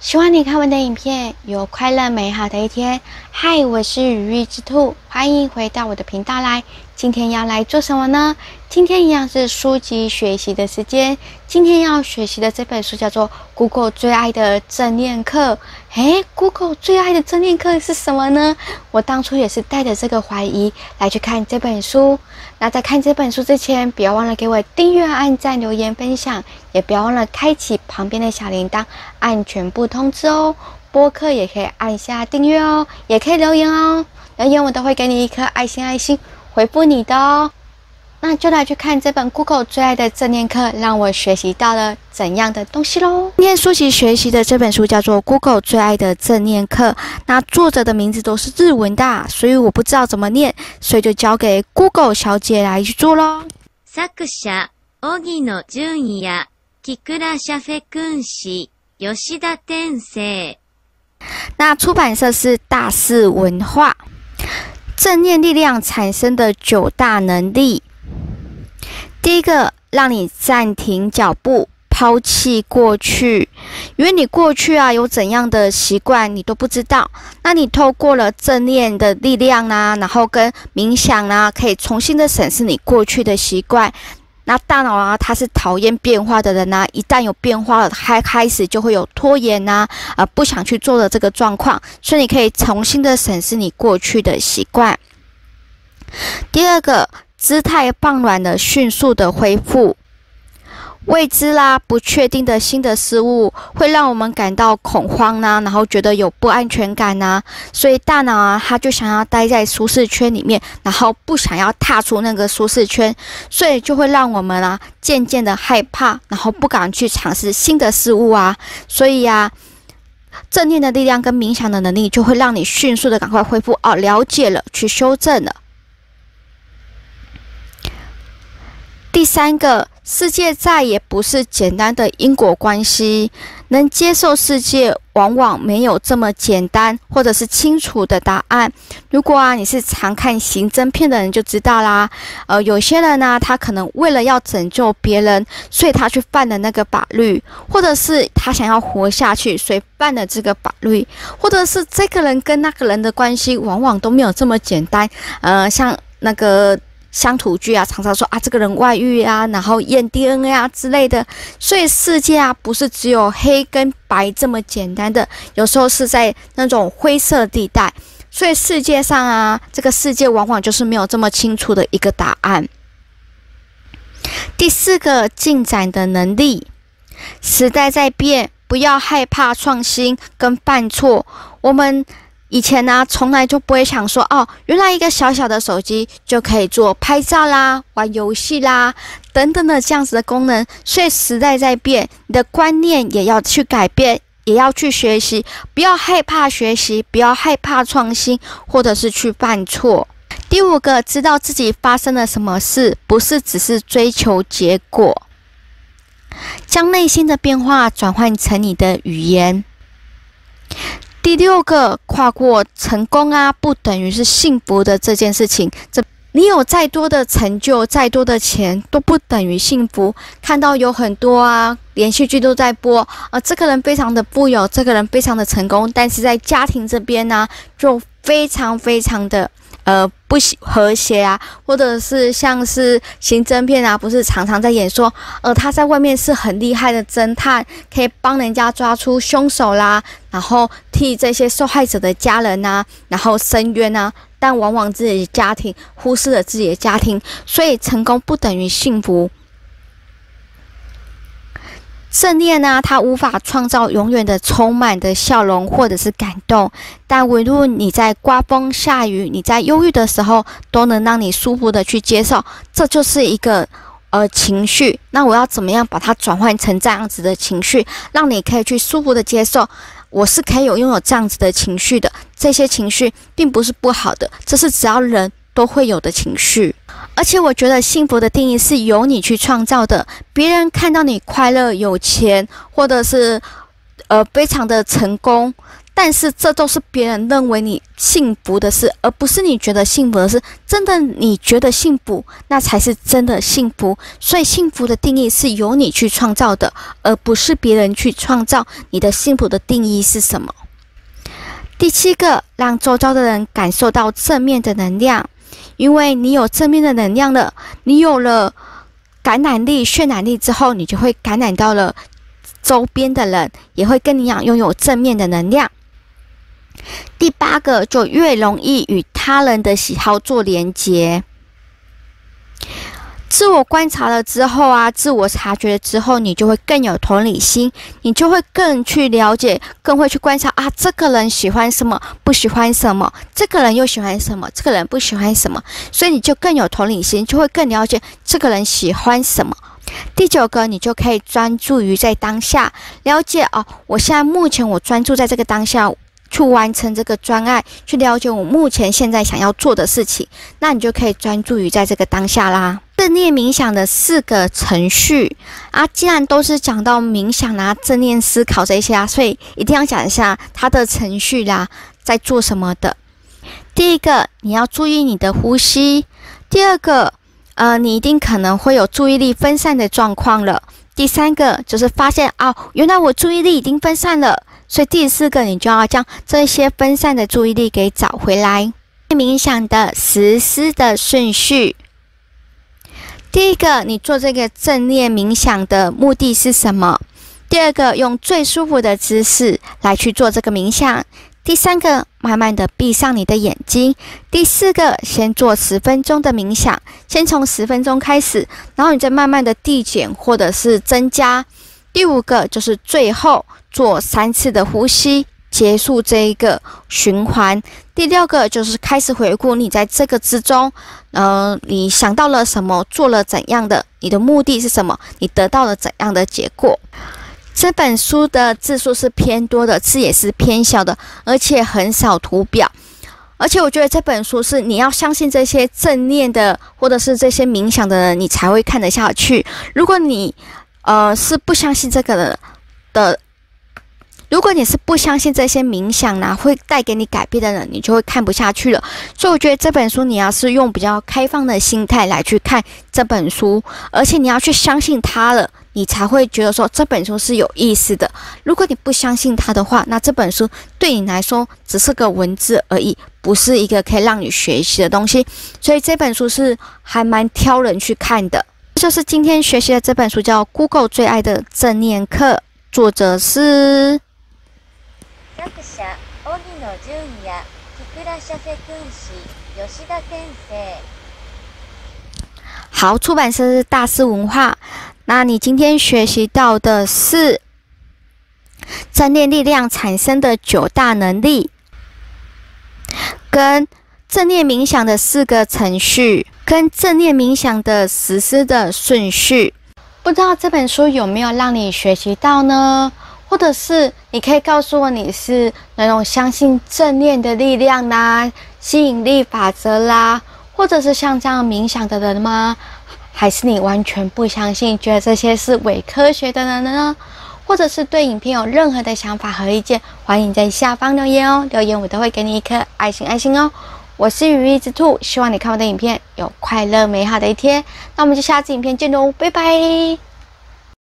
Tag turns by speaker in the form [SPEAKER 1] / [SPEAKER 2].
[SPEAKER 1] 希望你看完的影片有快樂美好的一天。嗨，我是羽翼之兔，歡迎回到我的頻道來。今天要來做什麼呢？今天一樣是書籍學習的時間。今天要學習的這本書叫做《Google 最愛的正念課》。誒，Google 最愛的正念課是什麼呢？我當初也是帶着這個懷疑來去看這本書。那在看這本書之前，不要忘了給我訂閱、按讚、留言、分享，也不要忘了開啟旁邊的小鈴鐺，按全部通知哦。播客也可以按下訂閱哦，也可以留言哦，留言我都會給你一顆愛心，愛心。回復你的哦，那就來去看這本 Google 最愛的正念課，讓我學習到了怎樣的東西嘍？今天書籍學習的這本書叫做 Google 最愛的正念課，那作者的名字都是日文的，所以我不知道怎麼念，所以就交給 Google 小姐來去做嘍。作者：奧野俊也、基庫拉舍費君士、吉田天聖。那出版社是大是文化。正念力量產生的九大能力。第一個，讓你暫停腳步，拋棄過去，因為你過去啊有怎樣的習慣你都不知道。那你透過了正念的力量啊，然後跟冥想呢、啊，可以重新的審視你過去的習慣。那大腦啊，它是討厭變化的人吶、啊，一旦有變化了，開開始就會有拖延吶、啊，呃、啊，不想去做的這個狀況，所以你可以重新的審視你過去的習慣。第二個，姿態放軟的，迅速的恢復。未知啦，不確定的新的事物會讓我們感到恐慌呢、啊，然後覺得有不安全感呢、啊，所以大腦啊，它就想要待在舒適圈裡面，然後不想要踏出那個舒適圈，所以就會讓我們啊，漸漸的害怕，然後不敢去嘗試新的事物啊，所以呀、啊，正念的力量跟冥想的能力就會讓你迅速的趕快恢復哦，了解了，去修正了。第三個，世界再也不是簡單的因果關係。能接受世界，往往沒有這麼簡單或者是清楚的答案。如果啊，你是常看刑偵片的人，就知道啦。呃，有些人呢、啊，他可能為了要拯救別人，所以他去犯了那個法律，或者是他想要活下去，所以犯了這個法律，或者是這個人跟那個人的關係，往往都沒有這麼簡單。呃，像那個。鄉土劇啊，常常說啊，這個人外遇啊，然後驗 DNA 啊之類的。所以世界啊，不是只有黑跟白這麼簡單的，有時候是在那種灰色地帶。所以世界上啊，這個世界往往就是沒有這麼清楚的一個答案。第四個進展的能力，時代在變，不要害怕創新跟犯錯，我們。以前呢、啊，從來就不會想說哦，原來一個小小的手機就可以做拍照啦、玩遊戲啦等等的這樣子的功能。所以時代在變，你的觀念也要去改變，也要去學習，不要害怕學習，不要害怕創新，或者是去犯錯。第五個，知道自己發生了什麼事，不是只是追求結果，將內心的變化轉換成你的語言。第六個跨過成功啊，不等於是幸福的這件事情。這你有再多的成就，再多的錢都不等於幸福。看到有很多啊，連續劇都在播啊、呃，這個人非常的富有，這個人非常的成功，但是在家庭這邊呢、啊，就非常非常的呃。不和諧啊，或者是像是刑偵片啊，不是常常在演說，呃，他在外面是很厲害的偵探，可以幫人家抓出兇手啦，然後替這些受害者的家人吶、啊，然後伸冤吶、啊。但往往自己的家庭忽視了自己的家庭，所以成功不等於幸福。正念呢、啊，它無法創造永遠的充滿的笑容或者是感動，但唯獨你在刮風下雨、你在憂鬱的時候，都能讓你舒服的去接受。這就是一個呃情緒，那我要怎麼樣把它轉換成這樣子的情緒，讓你可以去舒服的接受？我是可以有擁有這樣子的情緒的，這些情緒並不是不好的，這是只要人都會有的情緒。而且我覺得幸福的定義是由你去創造的。別人看到你快樂、有錢，或者是呃非常的成功，但是這都是別人認為你幸福的事，而不是你覺得幸福的事。真的，你覺得幸福，那才是真的幸福。所以，幸福的定義是由你去創造的，而不是別人去創造。你的幸福的定義是什麼？第七個，讓周遭的人感受到正面的能量。因為你有正面的能量了，你有了感染力、渲染力之後，你就會感染到了周邊的人，也會跟你一樣擁有正面的能量。第八個，就越容易與他人的喜好做連接。自我觀察了之後啊，自我察覺了之後，你就會更有同理心，你就會更去了解，更會去觀察啊，這個人喜歡什麼，不喜歡什麼，這個人又喜歡什麼，這個人不喜歡什麼，所以你就更有同理心，就會更了解這個人喜歡什麼。第九個，你就可以專注於在當下了解哦，啊，我現在目前我專注在這個當下。去完成這個專案，去了解我目前現在想要做的事情，那你就可以專注於在這個當下啦。正念冥想的四個程序啊，既然都是講到冥想啊、正念思考這些啊，所以一定要講一下它的程序啦，在做什麼的。第一個，你要注意你的呼吸；第二個，呃，你一定可能會有注意力分散的狀況了；第三個，就是發現啊，原來我注意力已經分散了。所以第四個，你就要將這些分散的注意力給找回來。冥想的實施的順序：第一個，你做這個正念冥想的目的是什麼？第二個，用最舒服的姿勢來去做這個冥想。第三個，慢慢的閉上你的眼睛。第四個，先做十分鐘的冥想，先從十分鐘開始，然後你再慢慢的遞減或者是增加。第五個就是最後做三次的呼吸，結束這一個循環。第六個就是開始回顧你在這個之中，嗯、呃，你想到了什麼，做了怎樣的，你的目的是什麼，你得到了怎樣的結果。這本書的字數是偏多的，字也是偏小的，而且很少圖表。而且我覺得這本書是你要相信這些正念的，或者是這些冥想的人，你才會看得下去。如果你呃，是不相信這個的。的，如果你是不相信這些冥想呢，會帶給你改變的人，你就會看不下去了。所以我覺得這本書，你要是用比較開放的心態來去看這本書，而且你要去相信它了，你才會覺得說這本書是有意思的。如果你不相信它的話，那這本書對你來說只是個文字而已，不是一個可以讓你學習的東西。所以這本書是還蠻挑人去看的。就是今天學習的這本書，叫《Google 最愛的正念課》，作者是。好，出版社是大師文化。那你今天學習到的是正念力量產生的九大能力，跟正念冥想的四個程序，跟正念冥想的實施的順序，不知道這本書有沒有讓你學習到呢？或者是你可以告訴我你是哪種相信正念的力量啦、啊、吸引力法則啦，或者是像這樣冥想的人嗎？還是你完全不相信，覺得這些是偽科學的人呢？或者是對影片有任何的想法和意見，歡迎在下方留言哦！留言我都會給你一顆愛心，愛心哦。我是羽翼之兔，希望你看我的影片有快樂美好的一天。那我們就下次影片見嘍，拜拜。